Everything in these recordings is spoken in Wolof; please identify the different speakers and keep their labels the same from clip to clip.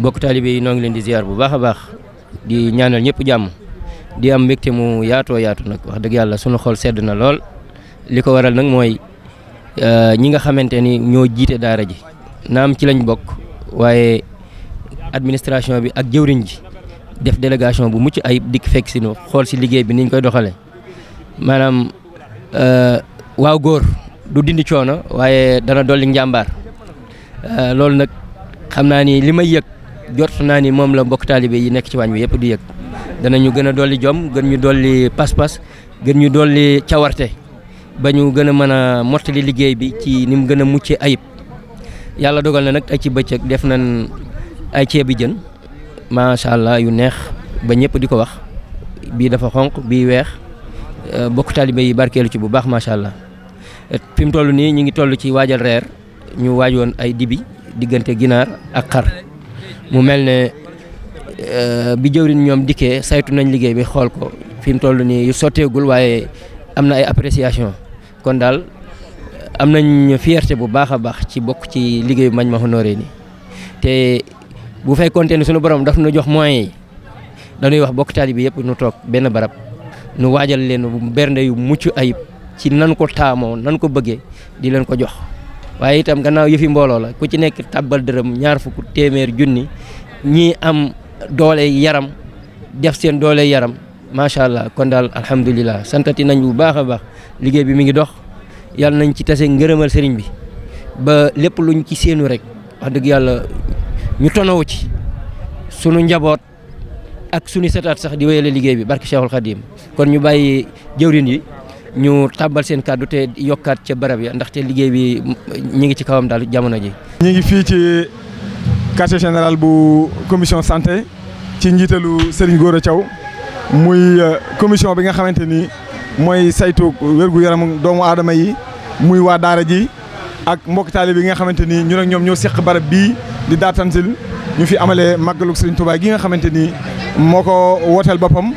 Speaker 1: bokk taalibe yi noo ngi leen di ziar bu baax a baax di ñaanal ñëpp jàmm di am mbégte mu yaatoo yaatu nag wax dëgg yàlla sunu xool sedd na lool li ko waral nag mooy euh, ñi nga xamante ni ñoo jiite daara ji naam ci lañ bokk waaye administration bi ak jëwriñ ji def délégation bu mucc ay dikk fekk si ñu xool si liggéey bi niñ koy doxale maanaam euh, waaw góor du dindi coono waaye dana dolli njàmbaar euh, loolu nag xam naa ni li may yëg. jot naa ni moom la mbokk taalibe yi nekk ci waañ bi yëpp di yëg danañu gën a dolli jom gën ñu dolli pas-pas gën ñu dolli cawarte ba ñu gën a mën a mottali liggéey bi ci ni mu gën a muccee ayib yàlla dogal na nag ay ci bëccëg def na ay ceebi jën macha allah yu neex ba ñëpp di ko wax bii dafa xonq bii weex euh, bokk taalibe yi barkeelu ci bu baax macha allah fi mu toll nii ñu ngi toll ci waajal reer ñu waajoon ay dibi diggante ginaar ak xar mu mel ne euh, bi jëwriñ ñoom dikkee saytu nañ liggéey bi xool ko fi mu toll nii yu sotteegul waaye am na ay appréciation kon daal am nañ fierté bu baax a baax ci bokk ci liggéey bu Majmahun Nurayni te bu fekkoonte ni sunu borom daf nu jox moyens yi dañuy wax bokk taalibe bi yëpp nu toog benn barab nu waajal leen bernde yu mucc ayib ci nan ko taamoo nan ko bëggee di leen ko jox waye itam gannaaw yëfi mbolo la ku ci nek tabal deureum ñaar fukk téeméer jooni ñi am doole yaram def seen doole yaram sha allah kon dal alhamdullilah santati nañ bu baaxa baax liggey bi mi ngi dox yalla nañ ci tassé ngeureumal sëriñ bi ba lepp luñ ci seenu rek wax deug yalla ñu tonawu ci suñu njabot ak suñu setat sax di wéyale liggey bi barke Cheikhul Khadim kon ñu bayyi yi ñu tàmbal seen kàddu te yokkaat ca barab ya ndaxte liggéey bi ñu ngi ci kawam daal jamono ji. ñu ngi fii ci quartier
Speaker 2: général bu commission santé ci njiitalu Serigne Gora Thiaw muy euh, commission bi nga xamante ni mooy saytu wérgu yaram doomu aadama yi muy waa daara ji ak mbokk taalibe bi nga xamante ni ñun ak ñoom ñoo seq barab bii di Darou Tanzil ñu fi amale màggalu Serigne Touba gi nga xamante ni moo ko wooteel boppam.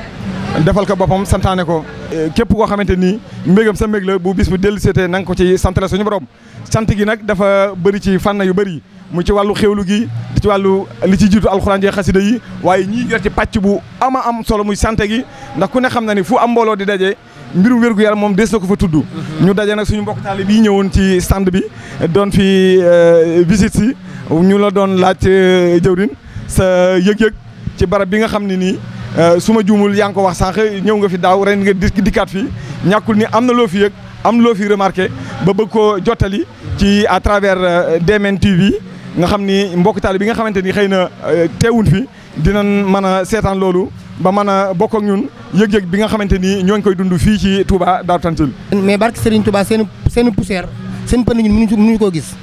Speaker 2: defal ko boppam santaane ko eh, képp koo xamante ni mbégam sa mbég la bu bis bu dellu seetee na nga ko ci santale suñu borom sant gi nag dafa bëri ci fànn yu bëri mu ci wàllu xéwlu gi ci wàllu li ci jiitu alxuraan jee xasida yi waaye ñii yor ci pàcc bu ama am solo muy sant gi ndax ku ne xam na ni fu am mbooloo di daje mbirum wér gu yaram moom des na ko fa tudd mhm. ñu daje nag suñu mbokk taali bii ñëwoon ci sand bi doon fi eh, visite si ñu la doon laaj eh, jëwrin sa yëg ci barab bi nga xam ne nii Euh, su ma juumul yaa ngi ko wax sànq ñëw nga fi daaw ren nga dikkaat fi ñàkkul ni am na loo fi yëg am loo fi remarqué ba bëgg koo jottali ci à travers euh, DMN TV nga xam ni mbokk taal bi nga xamante ni xëy na euh, teewul fi dina mën a seetaan loolu ba mën a bokk ak ñun yëg-yëg bi nga xamante ni ñoo ngi koy dund fii ci Touba Darou Tantil.
Speaker 3: mais barke Serigne Touba seen seen poussière seen pënd ñun mënuñu mënuñu ko gis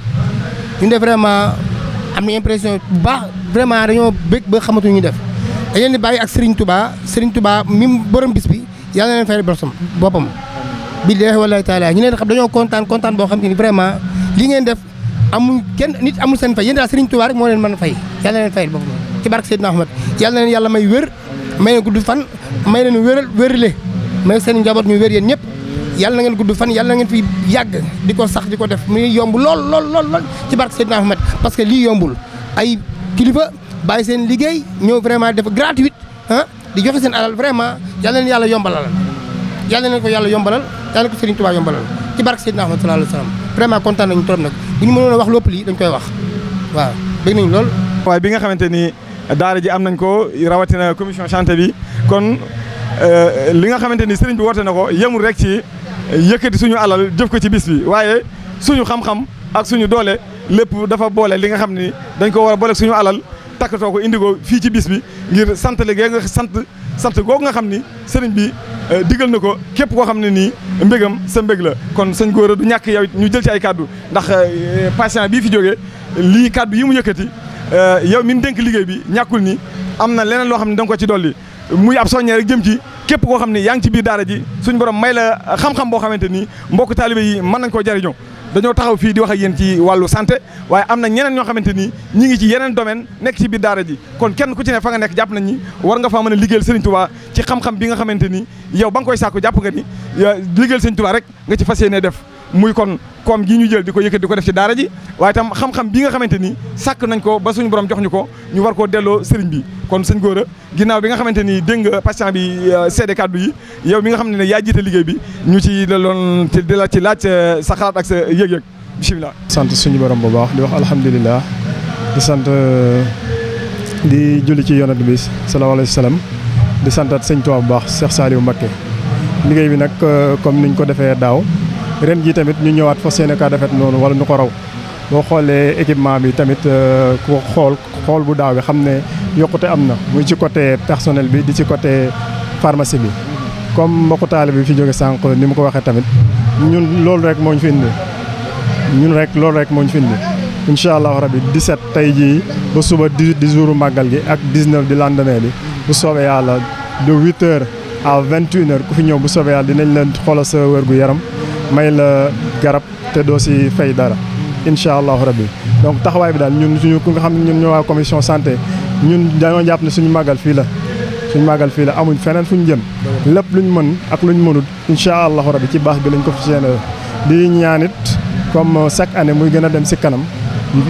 Speaker 3: ñu def vraiment am na impression bu baax vraiment dañoo bëgg ba xamatuñu def. dañ bàyyi ak Serigne Touba Serigne Touba mi borom bis bi yàlla na leen fay bosom boppam. billaahi wallaahi taala ñu leen xam dañoo kontaan kontaan boo xam te ni vraiment li ngeen def amul kenn nit amul seen fay yéen daal Serigne Touba rek moo leen man a fay yàlla na leen fayal boppam ci barke Seydina Ahmad yàlla na leen yàlla may wér may leen gudd fan may leen wéral wérle may seen njaboot ñu wér yéen ñëpp yàlla na ngeen gudd fan yàlla na fi yàgg di ko sax di ko def muy yomb lool lool lool lool ci barke Seydina Ahmad parce que lii yombul bàyyi seen liggéey ñëw vraiment def gratuite ah di joxe seen alal vraiment yal leen yàlla yombalal yal leen ko yàlla yombalal yal ko Serigne Touba yombalal ci barke Seydina Ahmad sallallahu alayhi wa sallam vraiment kontaan nañu trop nag bu ñu mënoon a wax lépp lii dañ koy wax waaw bëgg nañu lool. waaye
Speaker 2: bi nga xamante ni daara ji am nañ ko rawatina commission santé bi kon euh, li nga xamante ni Serigne bi woote na ko yemul rek ci yëkkati suñu alal jëf ko ci bis bi waaye suñu xam-xam ak suñu doole lépp dafa boole li nga xam ni dañ ko war a boole suñu alal. takkatoo ko indi ko fii ci bis bi ngir sant léegi nga sant sant googu nga xam ni sëriñ bi euh, digal na ko képp koo xam ne nii mbégam sa mbég la kon sëñ Gora du ñàkk yow ñu jël ci ay kàddu ndax euh, patient bii fi jóge lii kàddu yi mu yëkkati euh, yow mi dénk liggéey bi ñàkkul ni am na leneen loo xam ne da nga ko ci dolli muy ab soññee rek jëm ci képp koo xam ne yaa ngi ci biir daara ji suñ borom may la xam-xam boo xamante ni mbokk taalibe yi mën nañ koo jariñoo dañoo taxaw fii di wax ak yéen ci wàllu santé waaye am na ñeneen ñoo xamante nii ñi ngi ci yeneen domaine nekk ci biir daara ji kon kenn ku ci ne fa nga nekk jàpp nañ war nga faa mën a liggéeyal Serigne Touba ci xam-xam bi nga xamante ni yow ba nga koy sàkku jàpp nga ni liggéeyal Serigne Touba rek nga ci fas yéene def muy kon koom gi ñu jël di ko yëkkat di ko def ci daara ji waaye tam xam-xam bi nga xamante ni sàkk nañ ko ba suñu borom jox ñu ko ñu war koo delloo sëriñ bi kon sëñ góora ginnaaw bi nga xamante ni dégg nga patient bi euh, seede kàddu yi yow mi nga xam ne yaa jiite liggéey bi ñu ci la loon ci di la ci laaj euh, sa xalaat ak sa
Speaker 4: yëg-yëg bisimilah. sant suñu borom bu baax di wax alhamdulilah di sant euh, di julli ci yonent bi sallallahu alayhi wa sallam di santaat sëñ Tuubaa bu baax Cheikh Saliou Mbacké liggéey bi nag comme niñ ko defee daaw. ren jii tamit ñu ñëwaat fas yéene kaa defet noonu wala nu ko raw boo xoolee équipement bi tamit euh, ku xool xool bu daaw bi xam ne yokkute am na muy ci côté personnel bi di ci côté pharmacie bi comme mbokku taale bi fi jóge sànq ni mu ko waxee tamit ñun loolu rek moo ñu fi indi ñun rek loolu rek moo ñu fi indi incha allah rabi 17 tey jii ba suba 18 di jouru màggal gi ak 19 di lendemain bi bu soobee yàlla de 8 heures à vingt heures ku fi ñëw bu soobee dinañ leen xoolal sa wér yaram. may la garab te doo si fay dara incha allahu rabbi donc taxawaay bi daal ñun suñu ku nga xam ne ñun ñoo waa commission santé ñun dañoo jàpp ne suñ màggal fii la suñu màggal fii la amuñ feneen fu ñu jëm lépp luñ mën ak luñ mënut incha allahu rabbi ci baax bi lañ ko fi seen di ñaanit comme chaque année muy gën a dem si kanam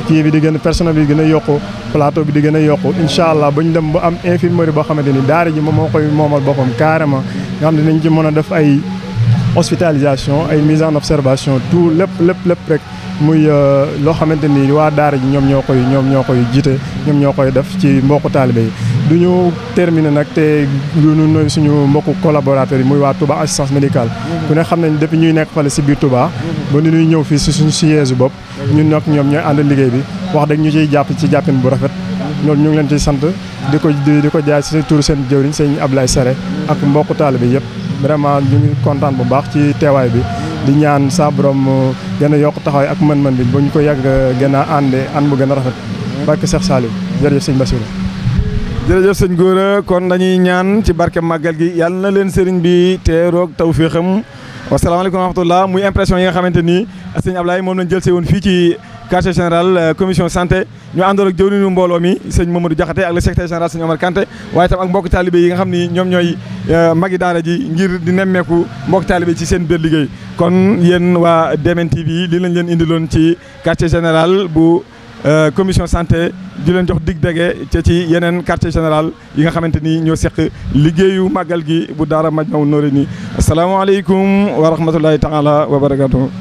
Speaker 4: kii bi di gën a personnel bi di gën a yokku plateau bi di gën a yokk incha allah ba ñu dem ba am infirmerie boo xamante ni daara ji moom moo koy moomal boppam carrément nga xam ne dinañ ci mën a def ay hospitalisation une mise en observation tout lépp lépp lépp rek muy euh, loo xamanteni wa waa daara ñom ñokoy ñom ñokoy jité ñom ñokoy def ci mbokku talibé duñu terminer nak té lu ñu nuyu suñu mbokku collaborateur muy wa Touba assistance médicale ku ne xam nañ depuis ñuy nekk fa ci biir Touba ba ni ñuy ñëw fi ci suñu siège bopp ñun nak ñom ñooy andal liggéey bi wax dëgg ñu ciy japp ci jappine bu rafet loolu ñu ngi leen ci sante di ko di ko jaay si turu seen jëwriñ sëñ Ablaye Sare ak mbokku talibé yépp vraiment ñu ngi kontaan bu baax ci teewaay bi di ñaan saa borom gën yokk taxawaay ak mën-mën bi ba ñu ko yàgg gën a àndee ànd bu gën a rafet barke Cheikh Saliou jërëjëf sëñ Bassirou
Speaker 2: jërëjëf sëñ Gora kon dañuy ñaan ci barke màgget gi yàlla na leen sëriñ bi te teeroog tawféexam wasalaamaaleykum wa rahmatullah muy impression yi nga xamante ni sëñ Ablaye moom lañ jël see woon fii ci quartier général euh, commission santé ñu àndoon ak jëwriñu mbooloo mi sëñ Mamadou Diakhaté ak le secrétaire général sëñ Omar Kanté waaye tam ak mbokk taalibe yi nga xam ni ñoom ñooy Euh, magi daara ji ngir di nemmeeku mbokk taalibe ci seen biir liggéey kon yéen waa Demen TV lii leen indiloon ci quartier général bu euh, commission santé di leen jox dig dege ca ci yeneen quartier général yi nga xamante ni ñoo seq liggéeyu màggal gi bu daara Majmahun Nurayni asalaamaaleykum wa rahmatullahi taala wa barakaatu.